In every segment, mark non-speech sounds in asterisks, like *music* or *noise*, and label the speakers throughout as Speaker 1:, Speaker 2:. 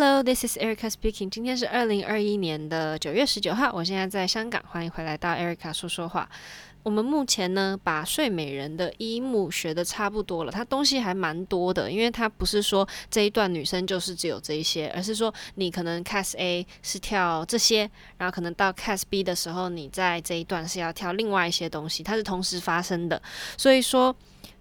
Speaker 1: Hello, this is Erica speaking. 今天是二零二一年的九月十九號，我現在在香港，歡迎回來到 Erica 說說話。我們目前呢，把《睡美人》的一幕學得差不多了，它東西還蠻多的，因為它不是說這一段女生就是只有這一些，而是說你可能 Cast A 是跳這些，然後可能到 Cast B 的時候，你在這一段是要跳另外一些東西，它是同時發生的，所以說。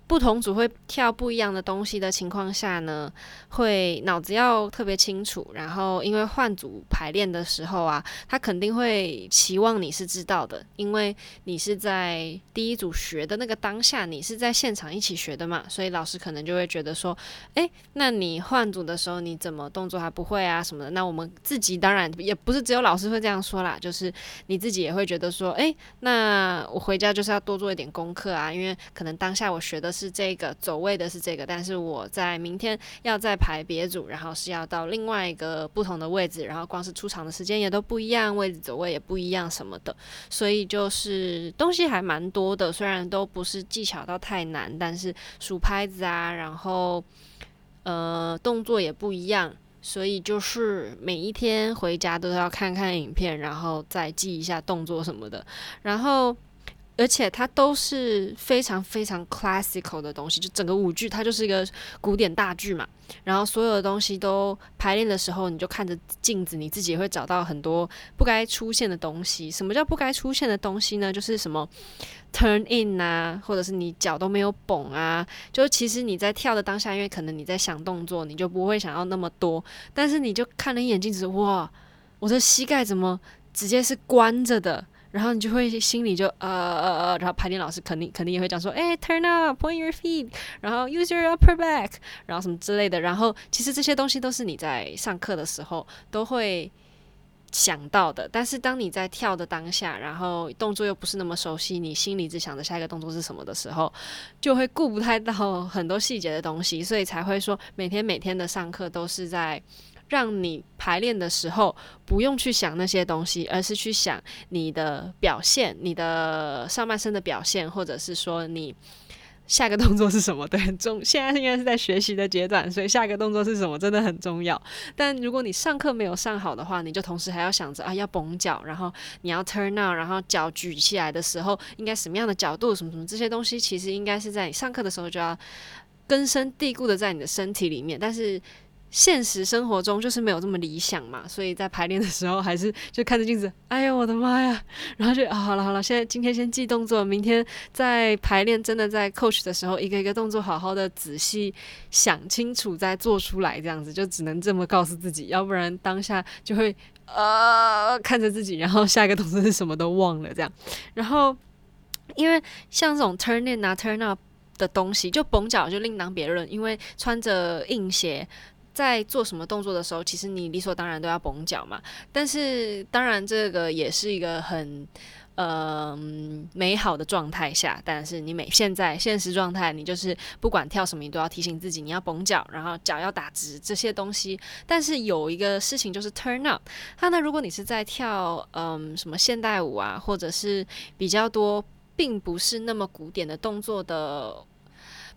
Speaker 1: 不同組會跳不一樣的東西的情況下呢，會腦子要特別清楚。然後因為換組排練的時候啊，他肯定會期望你是知道的，因為你是在第一組學的那個當下，你是在現場一起學的嘛，所以老師可能就會覺得說，誒，那你換組的時候你怎麼動作還不會啊什麼的？那我們自己當然也不是只有老師會這樣說啦，就是你自己也會覺得說，誒，那我回家就是要多做一點功課啊，因為可能當下我學的。是這個走位的。是這個，但是我在明天要再排別組，然後是要到另外一個不同的位置，然後光是出場的時間也都不一樣，位置走位也不一樣什麼的，所以就是東西還蠻多的，雖然都不是技巧到太難，但是數拍子啊，然後呃動作也不一樣，所以就是每一天回家都要看看影片，然後再記一下動作什麼的，然後。而且它都是非常非常 classical 的東西，就整個舞劇它就是一個古典大劇嘛。然後所有的東西都排練的時候，你就看着鏡子，你自己也會找到很多不該出現的東西。什麼叫不該出現的東西呢？就是什麼 turn in 啊，或者是你腳都沒有繃啊。就其實你在跳的當下，因為可能你在想動作，你就不會想要那麼多。但是你就看了一眼鏡子，哇，我的膝蓋怎麼直接是關着的？然後你就會心裡就呃呃呃，然後排練老師肯定肯定也會講說，哎，turn up，point your feet，然後 use your upper back，然後什麼之類的。然後其實這些東西都是你在上課的時候都會想到的。但是當你在跳的當下，然後動作又不是那麼熟悉，你心裡只想着下一個動作是什麼的時候，就會顧不太到很多細節的東西，所以才會說每天每天的上課都是在。讓你排練的時候不用去想那些東西，而是去想你的表現，你的上半身的表現，或者是說你下個動作是什麼。對，很重。現在應該是在學習的階段，所以下一個動作是什麼真的很重要。但如果你上課沒有上好的話，你就同時還要想着啊要繃腳，然後你要 turn out，然後腳舉起來的時候應該什麼樣的角度，什麼什麼這些東西，其實應該是在你上課的時候就要根深蒂固的在你的身體裡面，但是。現實生活中就是沒有這麼理想嘛，所以在排練的時候還是就看着鏡子，哎呀我的媽呀，然後就啊好了好了，現在今天先記動作，明天在排練真的在 coach 的時候，一個一個動作好好的仔細想清楚再做出來，這樣子就只能這麼告訴自己，要不然當下就會呃看着自己，然後下一個動作是什麼都忘了這樣。然後因為像這種 turn in 啊 turn out 的東西，就繃腳就另當別論，因為穿着硬鞋。在做什麼動作的時候，其實你理所當然都要繃腳嘛。但是當然，這個也是一個很嗯、呃、美好的狀態下。但是你每現在現實狀態，你就是不管跳什麼，你都要提醒自己，你要繃腳，然後腳要打直這些東西。但是有一個事情就是 turn out，它呢，那如果你是在跳嗯、呃、什麼現代舞啊，或者是比較多並不是那麼古典的動作的。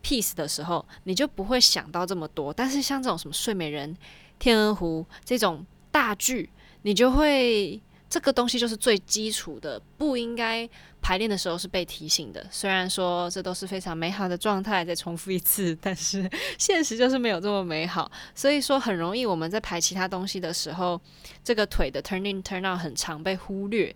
Speaker 1: Piece 的時候，你就不會想到這麼多。但是像這種什麼睡美人、天鵝湖這種大劇，你就會這個東西就是最基礎的，不應該排練的時候是被提醒的。雖然說這都是非常美好的狀態，再重複一次，但是現實就是沒有這麼美好，所以說很容易我們在排其他東西的時候，這個腿的 turning turn out 很常被忽略，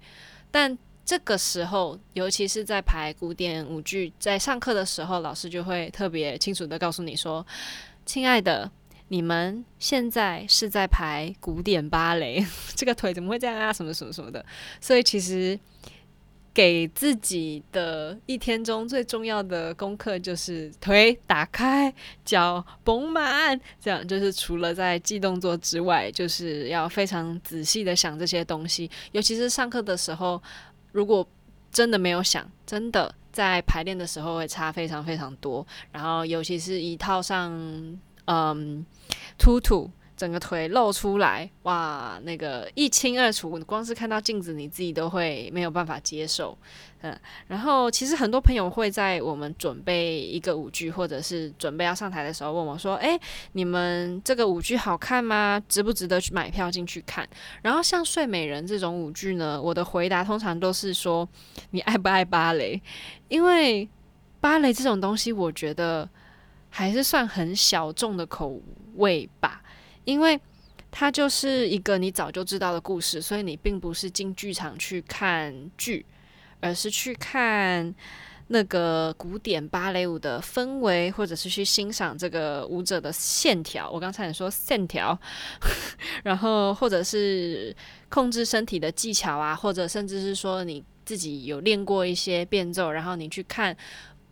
Speaker 1: 但。這個時候，尤其是在排古典舞劇，在上課的時候，老師就會特別清楚地告訴你說：“親愛的，你們現在是在排古典芭蕾，這個腿怎麼會這樣啊？什麼什麼什麼的。”所以，其實給自己的一天中最重要的功課就是腿打開，腳繃滿。這樣就是除了在記動作之外，就是要非常仔細地想這些東西，尤其是上課的時候。如果真的沒有想，真的在排練的時候會差非常非常多，然後尤其是一套上，嗯，兔兔。整個腿露出來，哇，那個一清二楚，光是看到鏡子你自己都會沒有辦法接受，嗯。然後其實很多朋友會在我們準備一個舞劇或者是準備要上台的時候問我說：“欸，你們這個舞劇好看嗎？值不值得去買票進去看？”然後像《睡美人》這種舞劇呢，我的回答通常都是說：“你愛不愛芭蕾？”因為芭蕾這種東西，我覺得還是算很小眾的口味吧。因為它就是一個你早就知道的故事，所以你並不是進劇場去看劇，而是去看那個古典芭蕾舞的氛圍，或者是去欣賞這個舞者的線條。我剛才也說線條，然後或者是控制身體的技巧啊，或者甚至是說你自己有練過一些變奏，然後你去看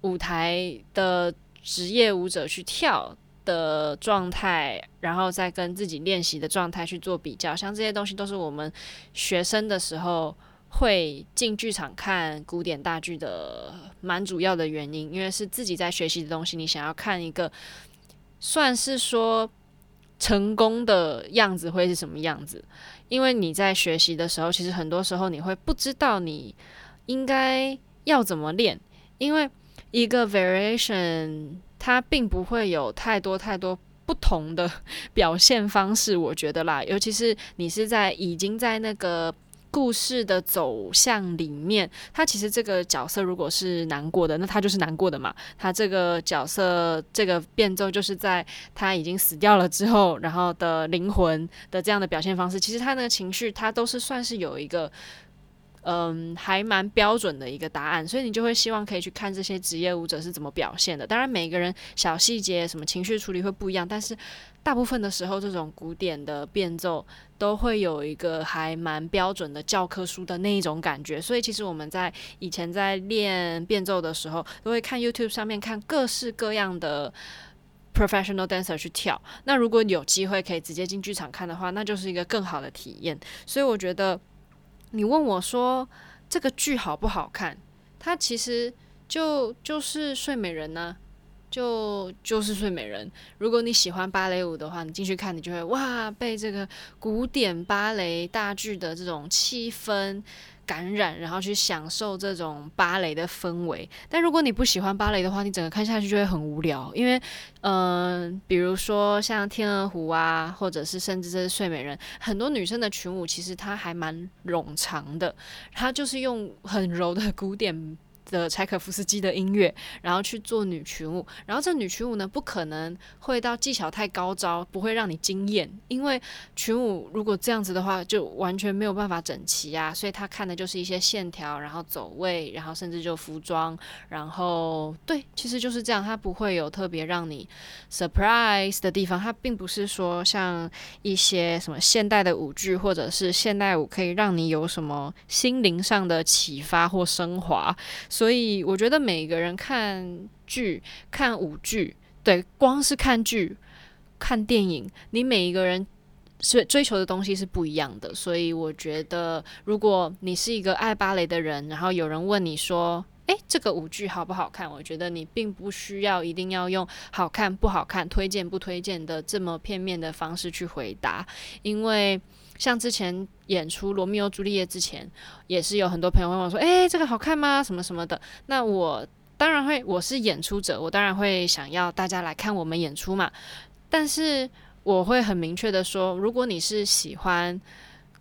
Speaker 1: 舞台的職業舞者去跳的狀態，然後再跟自己練習的狀態去做比較，像這些東西都是我們學生的時候會進劇場看古典大劇的蠻主要的原因，因為是自己在學習的東西，你想要看一個算是說成功的樣子會是什麼樣子？因為你在學習的時候，其實很多時候你會不知道你應該要怎麼練，因為一個 variation。他並不會有太多太多不同的表現方式，我覺得啦，尤其是你是在已經在那個故事的走向裡面，他其實這個角色如果是難過的，那他就是難過的嘛。他這個角色這個變奏就是在他已經死掉了之後，然後的靈魂的這樣的表現方式，其實他那個情緒，他都是算是有一個。嗯，還蠻標準的一個答案，所以你就會希望可以去看這些職業舞者是怎麼表現的。當然，每個人小細節什麼情緒處理會不一樣，但是大部分的時候，這種古典的變奏都會有一個還蠻標準的教科書的那一種感覺。所以其實我們在以前在練變奏的時候，都會看 YouTube 上面看各式各樣的 professional dancer 去跳。那如果有機會可以直接進劇場看的話，那就是一個更好的體驗。所以我覺得。你問我說這個劇好不好看？它其實就就是睡美人呢？啊，就就是睡美人。如果你喜歡芭蕾舞的話，你進去看，你就會哇，被這個古典芭蕾大劇的這種氣氛。感染，然後去享受這種芭蕾的氛圍。但如果你不喜歡芭蕾的話，你整個看下去就會很無聊。因為，嗯、呃，比如說像《天鵝湖》啊，或者是甚至這是《睡美人》，很多女生的群舞其實它還蠻冗長的，它就是用很柔的古典。的柴可夫斯基的音樂，然後去做女群舞，然後這女群舞呢，不可能會到技巧太高超，不會讓你驚艷，因為群舞如果這樣子的話，就完全沒有辦法整齊啊，所以他看的就是一些線條，然後走位，然後甚至就服裝，然後對，其實就是這樣，它不會有特別讓你 surprise 的地方，它並不是說像一些什麼現代的舞劇或者是現代舞可以讓你有什麼心靈上的啟發或升華。所以我覺得每個人看劇、看舞劇，對，光是看劇、看電影，你每一個人是追求的東西是不一樣的。所以我覺得，如果你是一個愛芭蕾的人，然後有人問你說。欸，這個舞劇好不好看？我覺得你並不需要一定要用好看不好看、推薦不推薦的這麼片面的方式去回答，因為像之前演出《羅密歐朱麗葉》之前，也是有很多朋友問我說：“欸，這個好看嗎？什麼什麼的。”那我當然會，我是演出者，我當然會想要大家來看我們演出嘛。但是我會很明確的說，如果你是喜歡。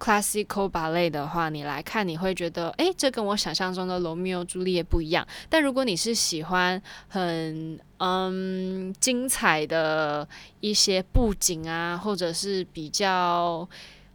Speaker 1: Classical ballet 的話，你來看你會覺得，哎，這跟我想象中的羅密歐朱麗葉不一樣。但如果你是喜歡很嗯精彩的一些布景啊，或者是比較……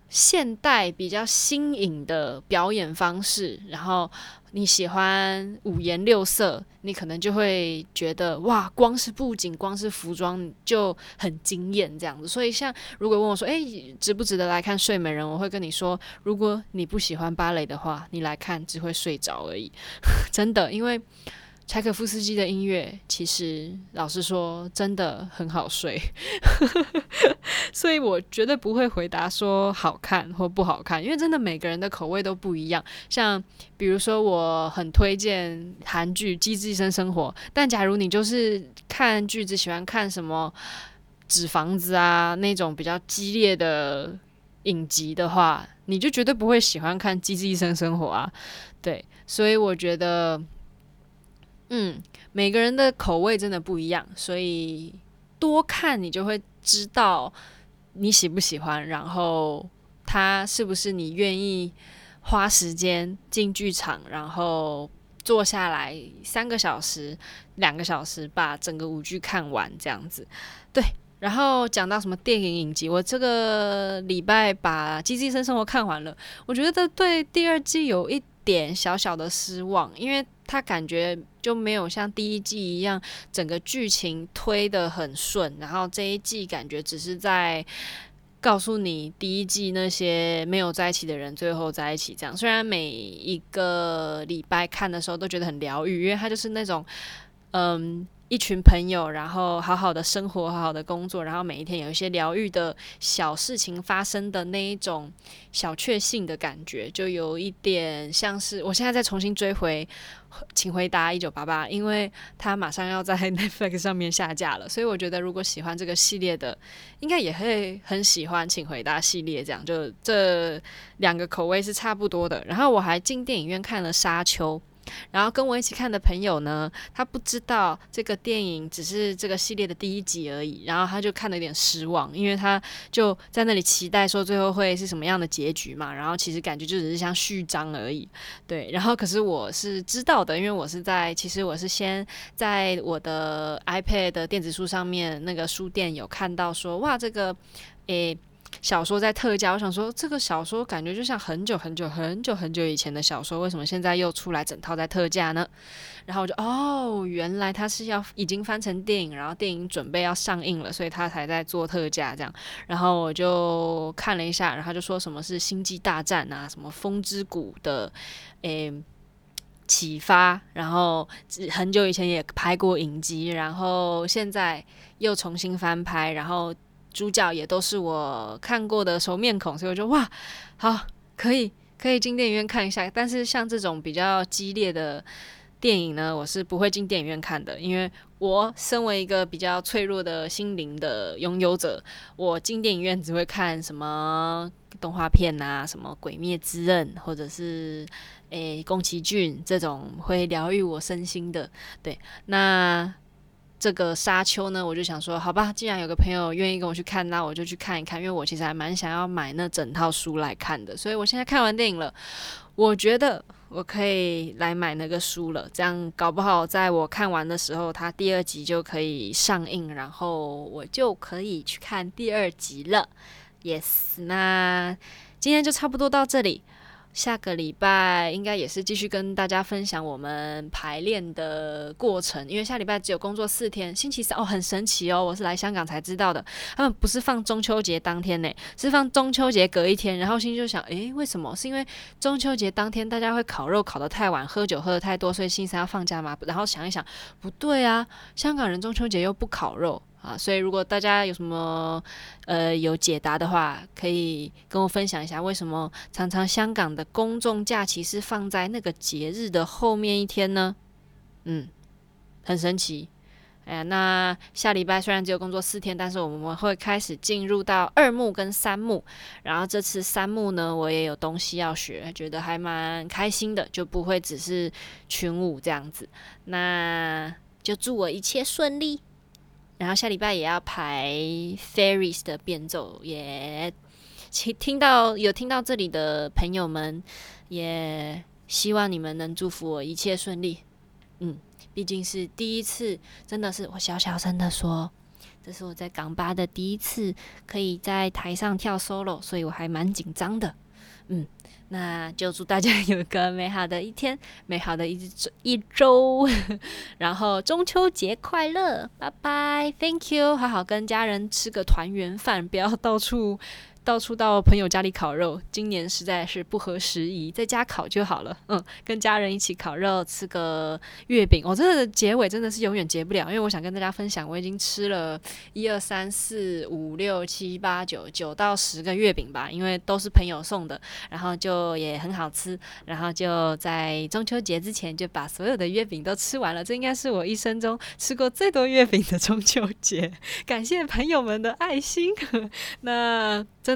Speaker 1: 現代比較新穎的表演方式，然後你喜歡五顏六色，你可能就會覺得哇，光是布景、光是服裝就很驚豔這樣子。所以，像如果問我說，誒、欸，值不值得來看《睡美人》，我會跟你說，如果你不喜歡芭蕾的話，你來看只會睡着而已， *laughs* 真的，因為。柴可夫斯基的音樂，其實老實說，真的很好睡， *laughs* 所以，我絕對不會回答說好看或不好看，因為真的每個人的口味都不一樣。像比如說，我很推薦韓劇《機智醫生生活》，但假如你就是看劇集喜歡看什麼紙房子啊，那種比較激烈的影集的話，你就絕對不會喜歡看《機智醫生生活》啊。對，所以我覺得。嗯，每個人的口味真的不一樣，所以多看你就會知道你喜不喜歡，然後他是不是你願意花時間進劇場，然後坐下來三個小時、兩個小時把整個舞劇看完這樣子。對，然後講到什麼電影影集，我這個禮拜把《機智醫生生活》看完了，我覺得對第二季有一點小小的失望，因為他感覺。就沒有像第一季一樣，整個劇情推得很順，然後這一季感覺只是在告訴你第一季那些沒有在一起的人最後在一起這樣。雖然每一個禮拜看的時候都覺得很療癒，因為它就是那種，嗯。一群朋友，然後好好的生活，好好的工作，然後每一天有一些療癒的小事情發生的那一種小確幸的感覺，就有一點像是我現在再重新追回，請回答一九八八，因為它馬上要在 Netflix 上面下架了，所以我覺得如果喜歡這個系列的，應該也會很喜歡請回答系列這樣，就這兩個口味是差不多的。然後我還進電影院看了沙丘。然後跟我一起看的朋友呢，他不知道這個電影只是這個系列的第一集而已，然後他就看了有點失望，因為他就在那裡期待說最後會是什麼樣的結局嘛，然後其實感覺就只是像序章而已，對。然後可是我是知道的，因為我是在其實我是先在我的 iPad 的電子書上面那個書店有看到說，哇，這個誒。小說在特價，我想說這個小說感覺就像很久很久很久很久以前的小說，為什麼現在又出來整套在特價呢？然後我就哦，原來他是要已經翻成電影，然後電影準備要上映了，所以他才在做特價這樣。然後我就看了一下，然後就說什麼是《星際大戰》啊，什麼《風之谷》的誒啟發，然後很久以前也拍過影集，然後現在又重新翻拍，然後。主角也都是我看過的熟面孔，所以我就哇，好可以可以進電影院看一下。但是像這種比較激烈的電影呢，我是不會進電影院看的，因為我身為一個比較脆弱的心靈的擁有者，我進電影院只會看什麼動畫片啊，什麼《鬼滅之刃》，或者是誒宮崎駿這種會療癒我身心的。對，那。這個沙丘呢，我就想說，好吧，既然有個朋友願意跟我去看，那我就去看一看，因為我其實還蠻想要買那整套書來看的。所以我現在看完電影了，我覺得我可以來買那個書了，這樣搞不好在我看完的時候，它第二集就可以上映，然後我就可以去看第二集了。Yes，那今天就差不多到這裡。下個禮拜應該也是繼續跟大家分享我們排練的過程，因為下禮拜只有工作四天，星期三哦，很神奇哦，我是來香港才知道的，他們不是放中秋節當天呢，是放中秋節隔一天，然後心就想，誒，為什麼？是因為中秋節當天大家會烤肉烤得太晚，喝酒喝得太多，所以星期三要放假嗎？然後想一想，不對啊，香港人中秋節又不烤肉。啊，所以如果大家有什麼呃有解答的話，可以跟我分享一下，為什麼常常香港的公眾假期是放在那個節日的後面一天呢？嗯，很神奇。哎呀，那下禮拜雖然只有工作四天，但是我們會開始進入到二幕跟三幕，然後這次三幕呢，我也有東西要學，覺得還蠻開心的，就不會只是群舞這樣子。那就祝我一切順利。然後下禮拜也要排《Fairies》的變奏，也、yeah、聽聽到有聽到這裡的朋友們，也、yeah、希望你們能祝福我一切順利。嗯，畢竟是第一次，真的是我小小聲的說，這是我在港芭的第一次可以在台上跳 solo，所以我還蠻緊張的。嗯，那就祝大家有個美好的一天，美好的一一週， *laughs* 然後中秋節快樂，拜拜，Thank you，好好跟家人吃個團圓飯，不要到處。到處到朋友家裡烤肉，今年實在是不合時宜，在家烤就好了。嗯，跟家人一起烤肉，吃個月餅。我、哦、真的結尾真的是永遠結不了，因為我想跟大家分享，我已經吃了一二三四五六七八九九到十個月餅吧，因為都是朋友送的，然後就也很好吃，然後就在中秋節之前就把所有的月餅都吃完了。這應該是我一生中吃過最多月餅的中秋節。感謝朋友們的愛心。呵呵，那真。